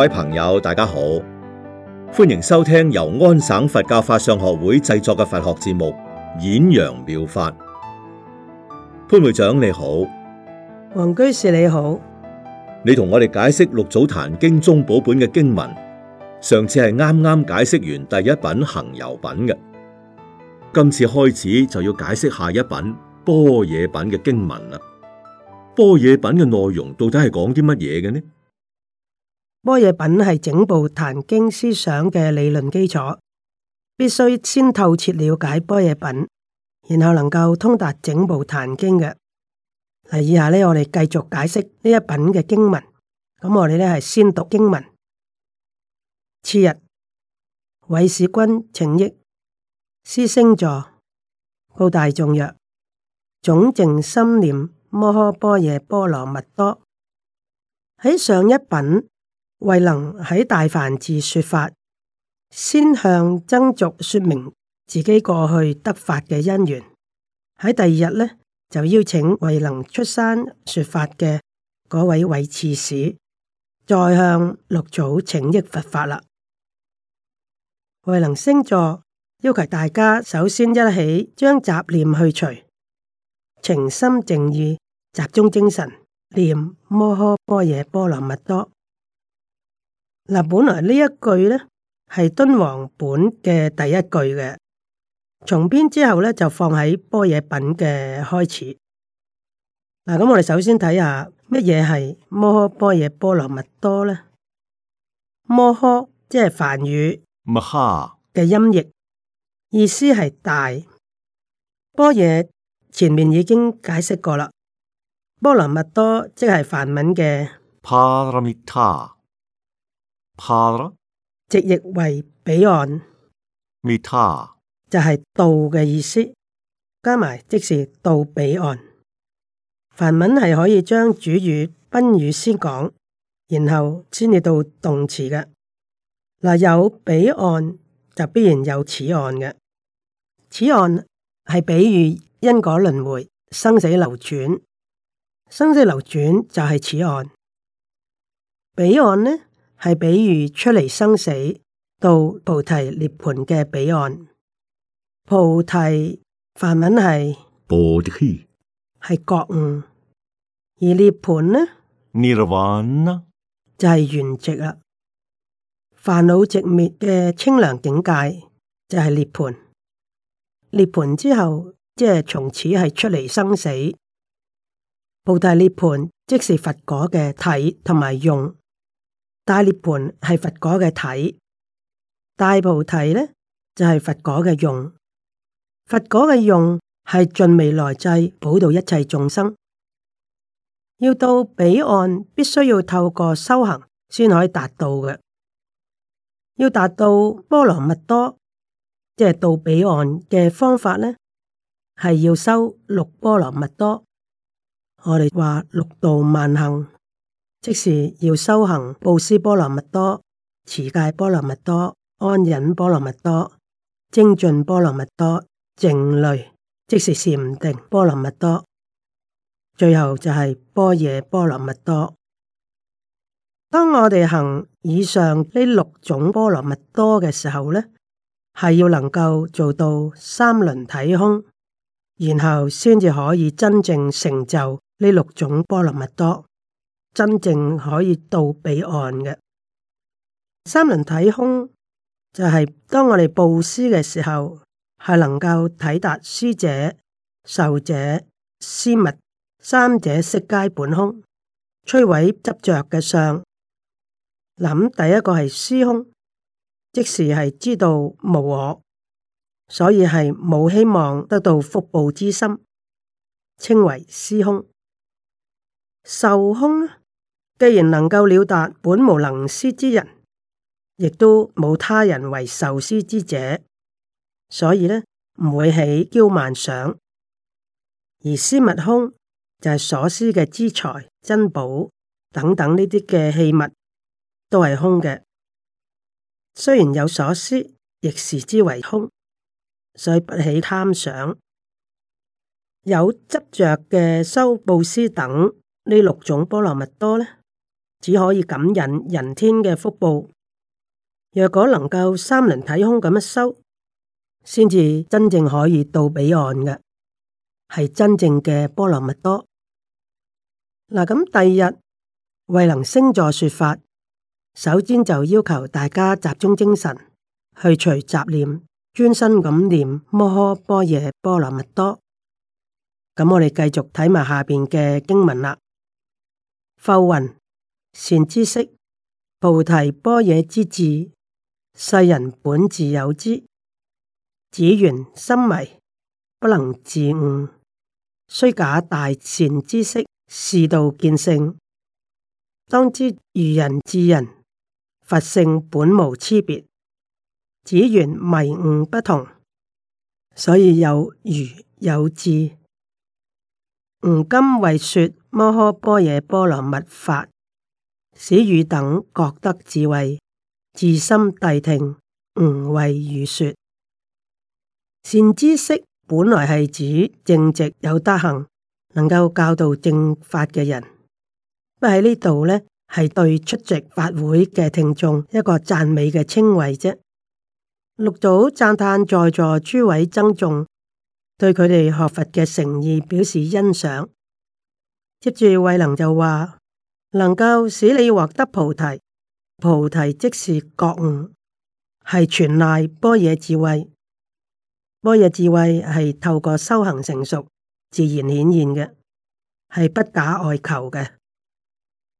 各位朋友，大家好，歡迎收聽由安省佛教法相學會製作嘅佛學節目《演揚妙法》。潘會長你好，黃居士你好，你同我哋解釋六祖壇經中寶本嘅經文。上次係啱啱解釋完第一品行由品嘅，今次開始就要解釋下一品般若品嘅經文啦。般若品嘅內容到底係講啲乜嘢嘅呢？波若品係整部《壇經》思想嘅理論基礎，必須先透徹了解波若品，然後能夠通達整部《壇經》嘅。嗱，以下呢，我哋繼續解釋呢一品嘅經文。咁我哋呢係先讀經文。次日，韋使君請益，師陞座告大眾曰：總淨心念摩訶般若波羅蜜多。喺上一品。慧能喺大梵寺說法，先向僧俗說明自己過去得法嘅因緣。喺第二日呢，就邀請慧能出山說法嘅嗰位韋刺史，再向六祖請益佛法啦。慧能星座要求大家首先一起將雜念去除，誠心正意，集中精神，念摩訶般若波羅蜜多。嗱，本來、啊、呢一句咧係敦煌本嘅第一句嘅，從邊之後咧就放喺般若品嘅開始。嗱，咁我哋首先睇下乜嘢係摩訶般若波羅蜜多咧？摩訶即係梵語，maha 嘅音譯，意思係大。般若前面已經解釋過啦，波羅蜜多即係梵文嘅 p a r 直譯為彼岸，蜜多就係到嘅意思，加埋即是到彼岸。梵文係可以將主語、賓語先講，然後先至到動詞嘅。嗱，有彼岸就必然有此岸嘅，此岸係比喻因果輪迴、生死流轉，生死流轉就係此岸，彼岸呢？係比如出嚟生死到菩提涅槃嘅彼岸，菩提梵文係菩提，係理覺悟；而涅槃呢？涅槃呢？就係圓寂啦，煩惱寂滅嘅清涼境界就係、是、涅槃。涅槃之後，即、就、係、是、從此係出嚟生死。菩提涅槃即是佛果嘅體同埋用。大涅槃係佛果嘅體，大菩提呢，就係、是、佛果嘅用。佛果嘅用係盡未來際，普度一切眾生。要到彼岸，必須要透過修行先可以達到嘅。要達到波羅蜜多，即係到彼岸嘅方法呢，係要修六波羅蜜多。我哋話六度萬行。即是，要修行布施波羅蜜多、持戒波羅蜜多、安忍波羅蜜多、精進波羅蜜多、靜慮即是禪定波羅蜜多，最後就係般若波羅蜜多。當我哋行以上呢六種波羅蜜多嘅時候呢，係要能夠做到三輪體空，然後先至可以真正成就呢六種波羅蜜多。真正可以到彼岸嘅三輪體空，就係、是、當我哋布施嘅時候，係能夠體達施者、受者、施物三者悉皆本空，摧毀執着嘅相。諗第一個係施空，即時係知道無我，所以係冇希望得到福報之心，稱為施空。受空。既然能夠了達本無能施之人，亦都冇他人為受施之者，所以呢唔會起驕慢想。而施物空就係所施嘅資財、珍寶等等呢啲嘅器物都係空嘅。雖然有所施，亦視之為空，所以不起貪想。有執着嘅修布施等呢六種波羅蜜多呢，只可以感應人天嘅福報。若果能夠三輪體空咁一修，先至真正可以到彼岸嘅，係真正嘅波羅蜜多。嗱，咁第二日慧能星座說法，首先就要求大家集中精神，去除雜念，專心咁念摩訶般若波羅蜜多。咁我哋繼續睇埋下邊嘅經文啦，浮雲。善知識，菩提般若之智，世人本自有之，只緣心迷，不能自悟。雖假大善知識，示道見性，當知愚人智人，佛性本無差別，只緣迷悟不同，所以有愚有智。吾今為說摩訶般若波羅蜜法。使汝等覺得智慧，自心諦聽，吾為汝說。善知識，本來係指正直有德行，能夠教導正法嘅人。不喺呢度呢，係對出席法會嘅聽眾一個讚美嘅稱謂啫。六祖讚歎在座諸位僧眾，對佢哋學佛嘅誠意表示欣賞。接住惠能就話。能夠使你獲得菩提，菩提即是覺悟，係全賴般若智慧。般若智慧係透過修行成熟自然顯現嘅，係不假外求嘅。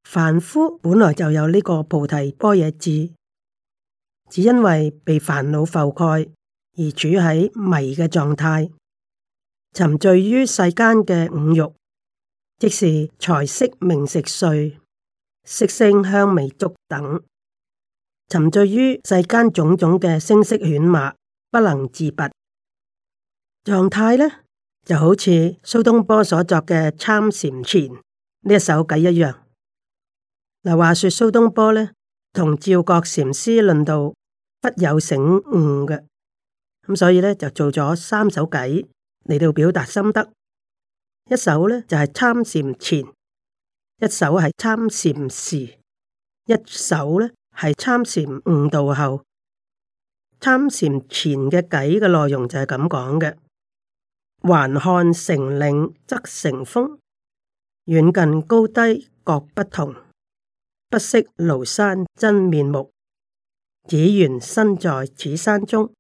凡夫本來就有呢個菩提般若智，只因為被煩惱覆蓋而處喺迷嘅狀態，沉醉於世間嘅五欲，即是財色名食睡。色聲、香味觸等，沉醉於世間種種嘅聲色犬馬，不能自拔。狀態呢就好似蘇東坡所作嘅《參禪前》呢一首偈一樣。嗱，話說蘇東坡呢，同趙國禪師論道，不由醒悟嘅，咁所以呢，就做咗三首偈嚟到表達心得。一首呢，就係、是《參禪前》。一首係參禪時，一首呢係參禪悟道後。參禪前嘅偈嘅內容就係咁講嘅：橫看成嶺側成峰，遠近高低各不同。不識廬山真面目，只緣身在此山中。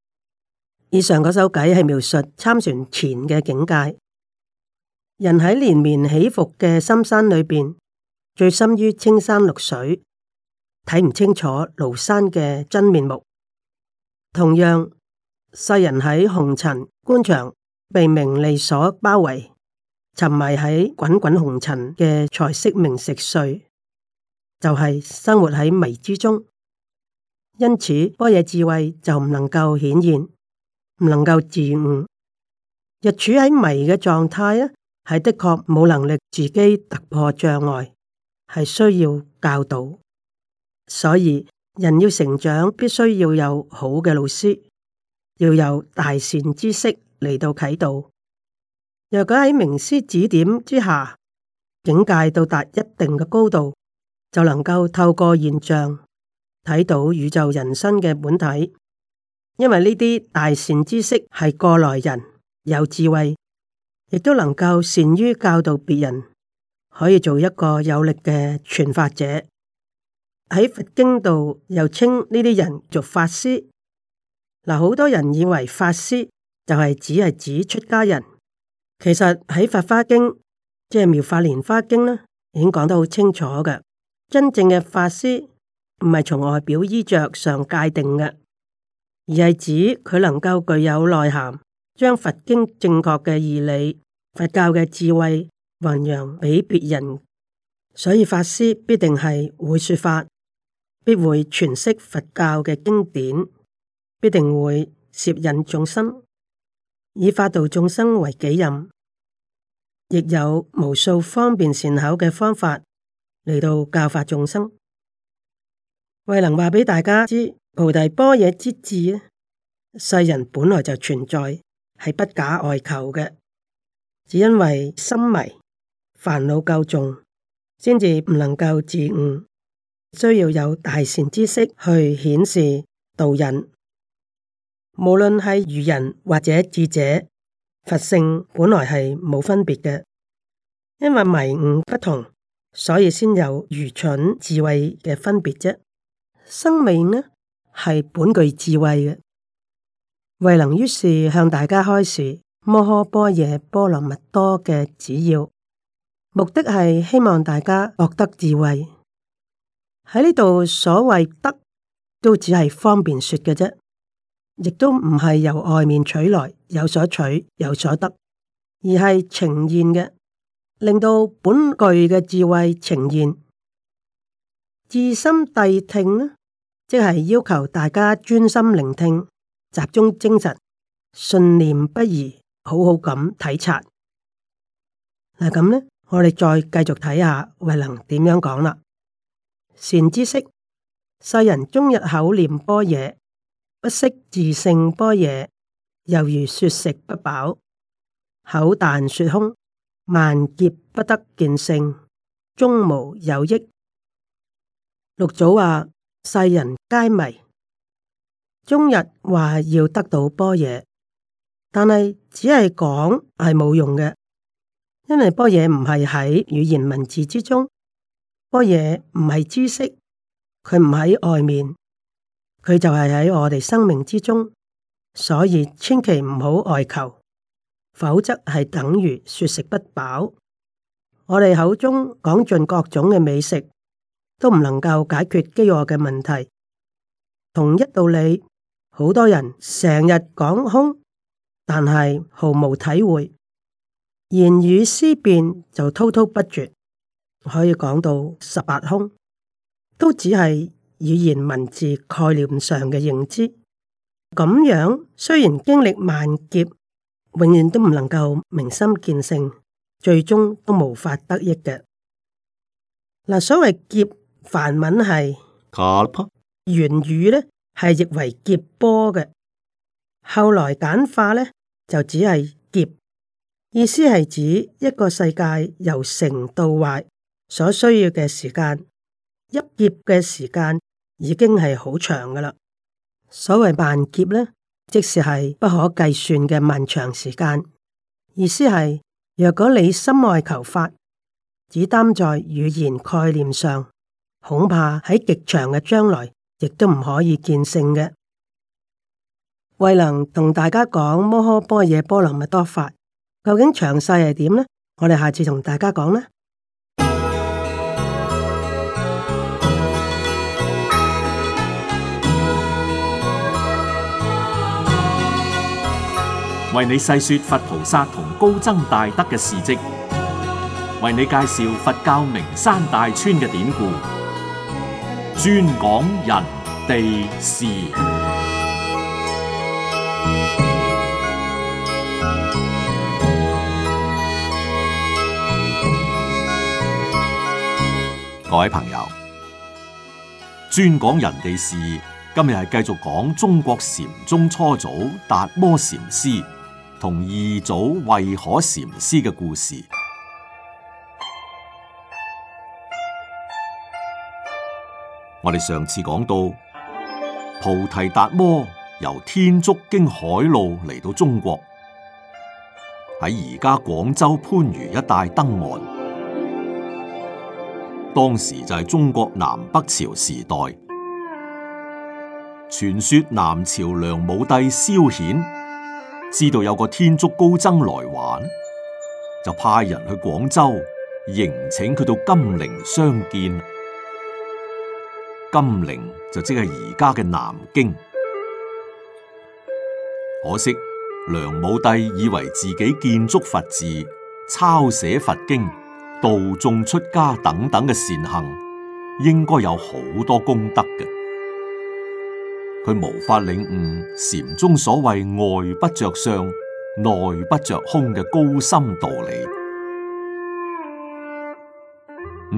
以上嗰首偈係描述參禪前嘅境界，人喺連綿起伏嘅深山裏邊。最深於青山綠水，睇唔清楚廬山嘅真面目。同樣，世人喺紅塵官場被名利所包圍，沉迷喺滾滾紅塵嘅財色名食睡，就係、是、生活喺迷之中。因此，般若智慧就唔能夠顯現，唔能夠自悟。若處喺迷嘅狀態啊，係的確冇能力自己突破障礙。係需要教導，所以人要成長，必須要有好嘅老師，要有大善知識嚟到啟導。若果喺名師指點之下，境界到達一定嘅高度，就能夠透過現象睇到宇宙人生嘅本體。因為呢啲大善知識係過來人，有智慧，亦都能夠善於教導別人。可以做一個有力嘅傳法者，喺佛經度又稱呢啲人做「法師」。嗱，好多人以為法師就係只係指出家人，其實喺《法花經》即係《妙法蓮花經》咧已經講得好清楚嘅，真正嘅法師唔係從外表衣着上界定嘅，而係指佢能夠具有內涵，將佛經正確嘅義理、佛教嘅智慧。弘揚俾別人，所以法師必定係會說法，必會詮釋佛教嘅經典，必定會攝引眾生，以法度眾生為己任。亦有無數方便善巧嘅方法嚟到教化眾生。為能話俾大家知，菩提般若之智，世人本來就存在，係不假外求嘅，只因為心迷。煩惱夠重，先至唔能夠自悟，需要有大善知識去顯示導引。無論係愚人或者智者，佛性本來係冇分別嘅，因為迷悟不同，所以先有愚蠢智慧嘅分別啫。生命呢係本具智慧嘅，慧能於是向大家開示《摩訶般若波羅蜜多》嘅主要。目的係希望大家獲得智慧喺呢度，所謂得都只係方便說嘅啫，亦都唔係由外面取來有所取有所得，而係呈現嘅，令到本具嘅智慧呈現。至心諦聽呢，即係要求大家專心聆聽，集中精神，信念不移，好好咁體察。嗱咁呢？我哋再繼續睇下慧能點樣講啦。善知識，世人終日口念般若，不識自性般若，猶如說食不飽，口但說空，萬劫不得見性，終無有益。六祖話：世人皆迷，終日話要得到般若，但係只係講係冇用嘅。因為般若唔係喺語言文字之中，般若唔係知識，佢唔喺外面，佢就係喺我哋生命之中，所以千祈唔好外求，否則係等於說食不飽。我哋口中講盡各種嘅美食，都唔能夠解決飢餓嘅問題。同一道理，好多人成日講空，但係毫無體會。言語思辨就滔滔不絕，可以講到十八空，都只係語言文字概念上嘅認知。咁樣雖然經歷萬劫，永遠都唔能夠明心見性，最終都無法得益嘅。嗱，所謂劫梵文係卡帕，原語呢係譯為劫波嘅，後來簡化呢，就只係。意思係指一個世界由成到壞所需要嘅時間，一劫嘅時間已經係好長噶啦。所謂萬劫呢，即是係不可計算嘅漫長時間。意思係，若果你心外求法，只擔在語言概念上，恐怕喺極長嘅將來，亦都唔可以見性嘅。未能同大家講摩訶般若波羅蜜多法。究竟詳細係點呢？我哋下次同大家講啦。為你細說佛菩薩同高僧大德嘅事跡，為你介紹佛教名山大川嘅典故，專講人地事。各位朋友，專講人哋事，今日係繼續講中國禪宗初祖達摩禪師同二祖慧可禪師嘅故事。我哋上次講到菩提達摩由天竺經海路嚟到中國，喺而家廣州番禺一帶登岸。當時就係中國南北朝時代，傳說南朝梁武帝蕭衍知道有個天竺高僧來華，就派人去廣州迎請佢到金陵相見。金陵就即係而家嘅南京。可惜梁武帝以為自己建築佛寺、抄寫佛經，度眾出家等等嘅善行，應該有好多功德嘅。佢無法領悟禪宗所謂外不着相、內不着空嘅高深道理。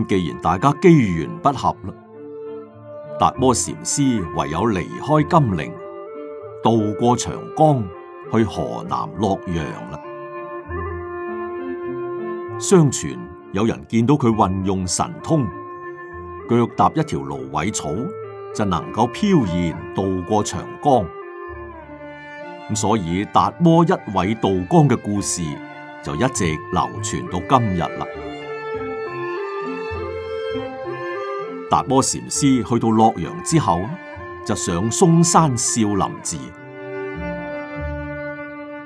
咁既然大家機緣不合啦，達摩禪師唯有離開金陵，渡過長江去河南洛陽啦。相傳，有人見到佢運用神通，腳踏一條蘆葦草就能夠飄然渡過長江。咁所以達摩一葦渡江嘅故事就一直流傳到今日啦。達摩禪師去到洛陽之後，就上嵩山少林寺。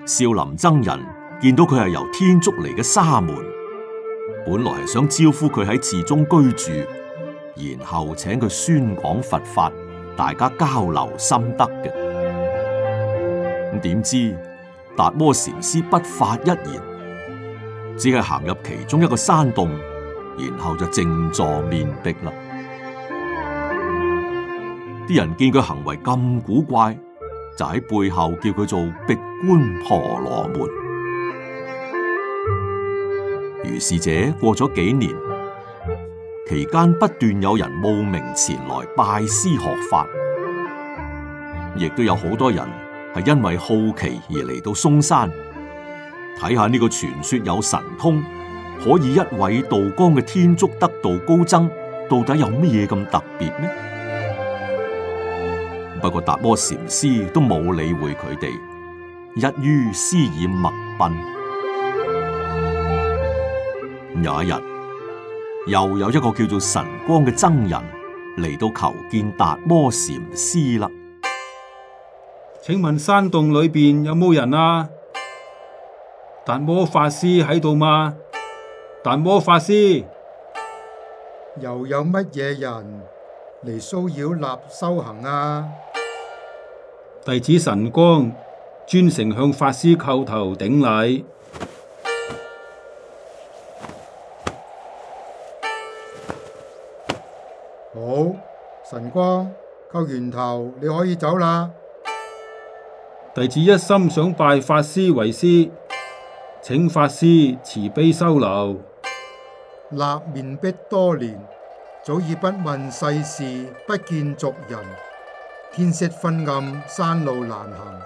少林僧人見到佢係由天竺嚟嘅沙門。本來係想招呼佢喺寺中居住，然後請佢宣講佛法，大家交流心得嘅。咁點知達摩禪師不發一言，只係行入其中一個山洞，然後就靜坐面壁啦。啲人見佢行為咁古怪，就喺背後叫佢做壁觀婆羅門。如是者過咗幾年，期間不斷有人慕名前來拜師學法，亦都有好多人係因為好奇而嚟到嵩山，睇下呢個傳說有神通，可以一位道光嘅天竺得道高僧到底有咩嘢咁特別呢？不過達摩禪師都冇理會佢哋，一於施以默擯。有一日，又有一個叫做神光嘅僧人嚟到求見達摩禪師啦。請問山洞裏面有冇人啊？達摩法師喺度嗎？達摩法師，又有乜嘢人嚟騷擾立修行啊？弟子神光專程向法師叩頭頂禮。神光，叩完頭，你可以走啦。弟子一心想拜法師為師，請法師慈悲收留。立面壁多年，早已不問世事，不見俗人。天色昏暗，山路難行，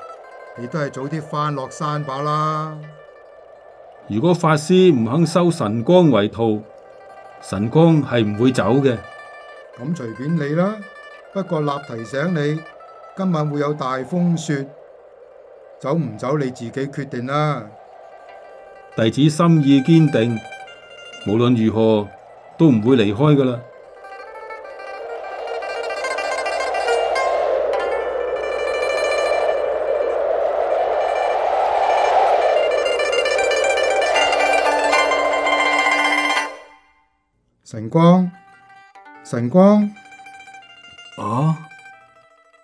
你都係早啲翻落山吧啦。如果法師唔肯收神光為徒，神光係唔會走嘅。咁隨便你啦，不過立提醒你，今晚會有大風雪，走唔走你自己決定啦。弟子心意堅定，無論如何都唔會離開噶啦。晨光。神光，啊、哦，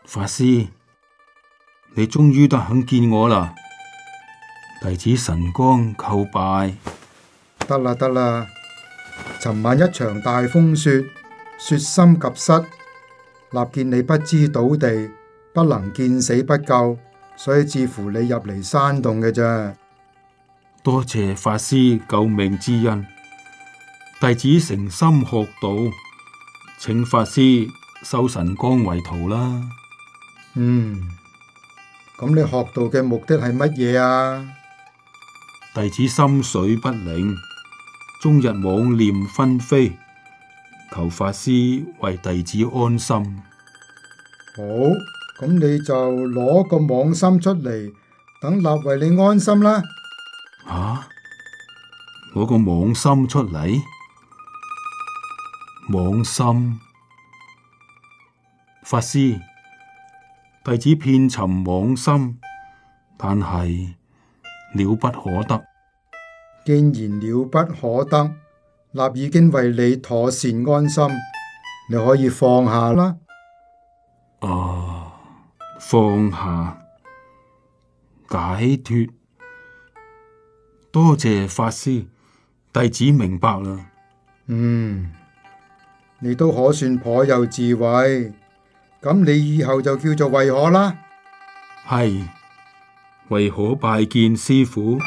法師，你終於都肯見我啦！弟子神光叩拜。得啦得啦，尋晚一場大風雪，雪深及膝，立見你不知倒地，不能見死不救，所以至乎你入嚟山洞嘅啫。多謝法師救命之恩，弟子誠心學道。請法師收神光為徒啦。嗯，咁你學道嘅目的係乜嘢？啊？弟子心緒不寧，終日妄念紛飛，求法師為弟子安心。好，咁你就攞個妄心出嚟，等立為你安心啦。吓、啊？攞個妄心出嚟？妄心，法師，弟子遍尋妄心，但係了不可得。既然了不可得，立已經為你妥善安心，你可以放下啦。哦，放下，解脫。多謝法師，弟子明白啦。嗯。你都可算頗有智慧，咁你以後就叫做慧可啦。係，慧可拜見師父。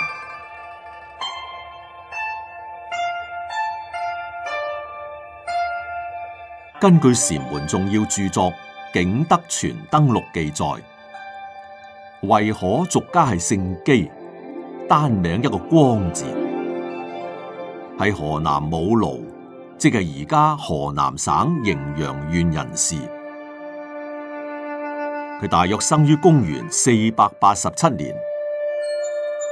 根據禪門重要著作《景德傳燈錄》記載，慧可俗家係姓姬，單名一個光字，喺河南武牢。即係而家河南省滎陽縣人士，佢大約生於公元四百八十七年，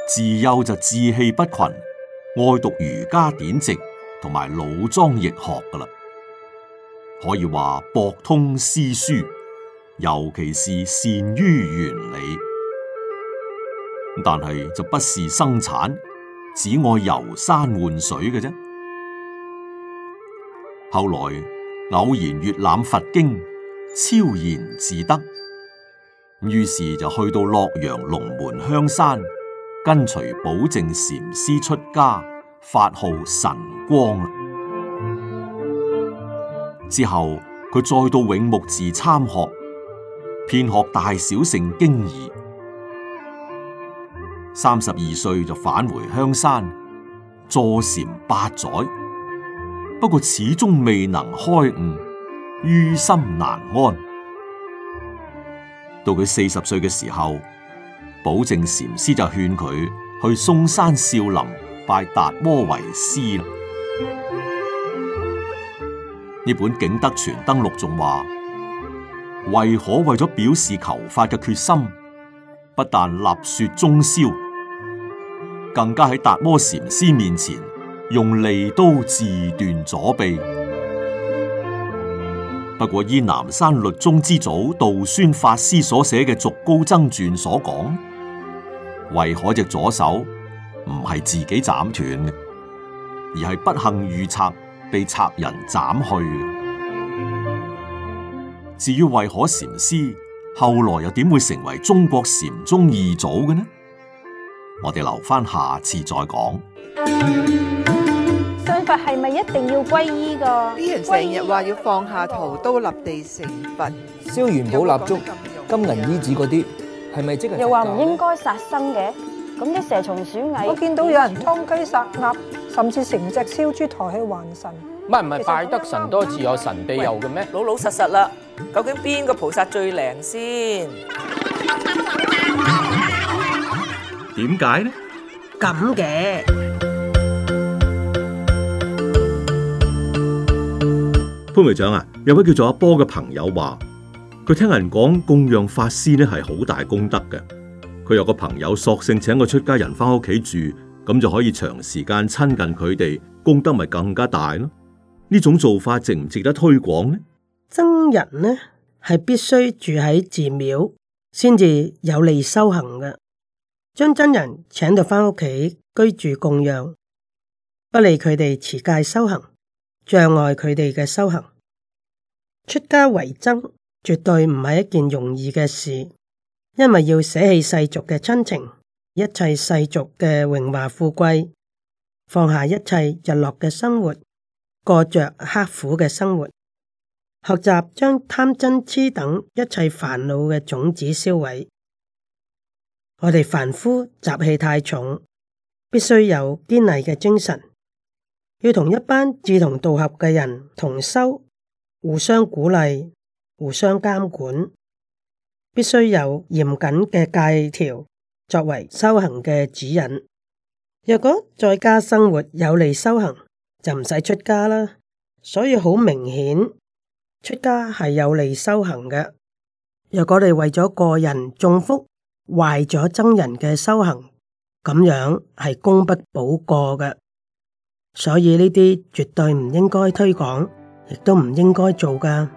自幼就志氣不群，愛讀儒家典籍同埋老莊易學噶啦，可以話博通詩書，尤其是善於原理，但係就不事生產，只愛遊山玩水嘅啫。後來偶然閱覽佛經，超然自得，於是就去到洛陽龍門香山，跟隨寶靜禪師出家，法號神光。之後佢再到永穆寺參學，遍學大小乘經義。三十二歲就返回香山，坐禪八載。不過始終未能開悟，於心難安。到佢四十歲嘅時候，寶靜禪師就勸佢去嵩山少林拜達摩為師啦。呢本《景德傳燈錄》仲話，慧可為咗表示求法嘅決心，不但立雪終宵，更加喺達摩禪師面前。用利刀自斷左臂，不過依南山律宗之祖道宣法師所寫嘅《續高僧傳》所講，慧可隻左手唔係自己斬斷嘅，而係不幸遇賊被賊人斬去。至於慧可禪師後來又點會成為中國禪宗二祖嘅呢？我哋留翻下,下次再講。佛係咪一定要皈依噶？啲人成日話要放下屠刀立地成佛，燒元寶蠟燭、金銀衣紙嗰啲，係咪即係？又話唔應該殺生嘅，咁啲蛇蟲鼠蟻，我見到有人劏雞殺鴨，甚至成隻燒豬抬去還神。唔係，唔係拜得神多自有神庇佑嘅咩？老老實實啦，究竟邊個菩薩最靈先？點解呢？咁嘅。潘會長啊，有位叫做阿波嘅朋友話，佢聽人講，供養法師咧係好大功德嘅。佢有個朋友索性請個出家人翻屋企住，咁就可以長時間親近佢哋，功德咪更加大咯。呢種做法值唔值得推廣呢？僧人呢係必須住喺寺廟先至有利修行嘅，將僧人請到翻屋企居住供養，不利佢哋持戒修行，障礙佢哋嘅修行，出家為僧絕對唔係一件容易嘅事，因為要捨棄世俗嘅親情，一切世俗嘅榮華富貴，放下一切日落嘅生活，過着刻苦嘅生活，學習將貪嗔痴等一切煩惱嘅種子銷毀。我哋凡夫習氣太重，必須有堅毅嘅精神。要同一班志同道合嘅人同修，互相鼓勵，互相監管，必須有嚴謹嘅戒條作為修行嘅指引。若果在家生活有利修行，就唔使出家啦。所以好明顯，出家係有利修行嘅。若果你為咗個人種福，壞咗僧人嘅修行，咁樣係功不補過嘅。所以呢啲絕對唔應該推廣，亦都唔應該做噶。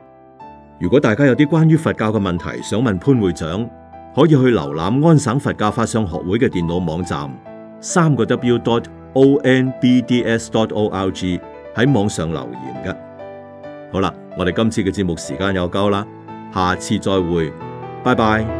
如果大家有啲關於佛教嘅問題想問潘會長，可以去瀏覽安省佛教法相學會嘅電腦網站，三個 w.dot.o.n.b.d.s.dot.o.r.g 喺網上留言噶。好啦，我哋今次嘅節目時間又夠啦，下次再會，拜拜。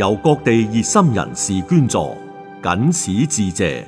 由各地熱心人士捐助，僅此致謝。